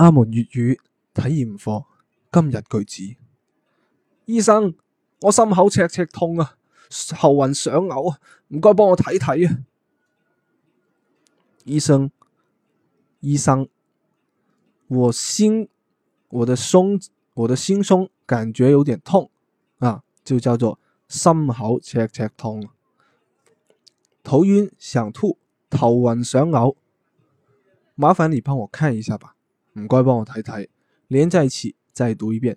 阿門粵語體驗課，今日句子，醫生，我心口赤赤痛啊，頭暈想嘔啊，唔該幫我睇睇啊。醫生，醫生，我心我的胸我的心胸感覺有點痛啊，就叫做心口赤赤痛，頭暈想吐，頭暈想嘔，麻煩你幫我看一下吧。唔該，幫我睇睇。連在一起再讀一遍。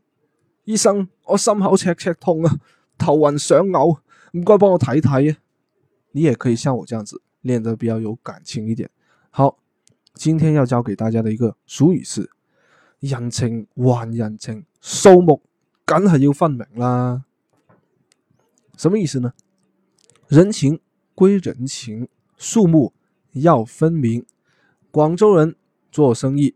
醫生，我心口赤赤痛啊，頭暈想嘔，唔該幫我睇睇啊，你也可以像我這樣子練得比較有感情一點。好，今天要教給大家的一個俗語是：人情還人情，數目梗係要分明啦。什麼意思呢？人情歸人情，數目要分明。廣州人做生意。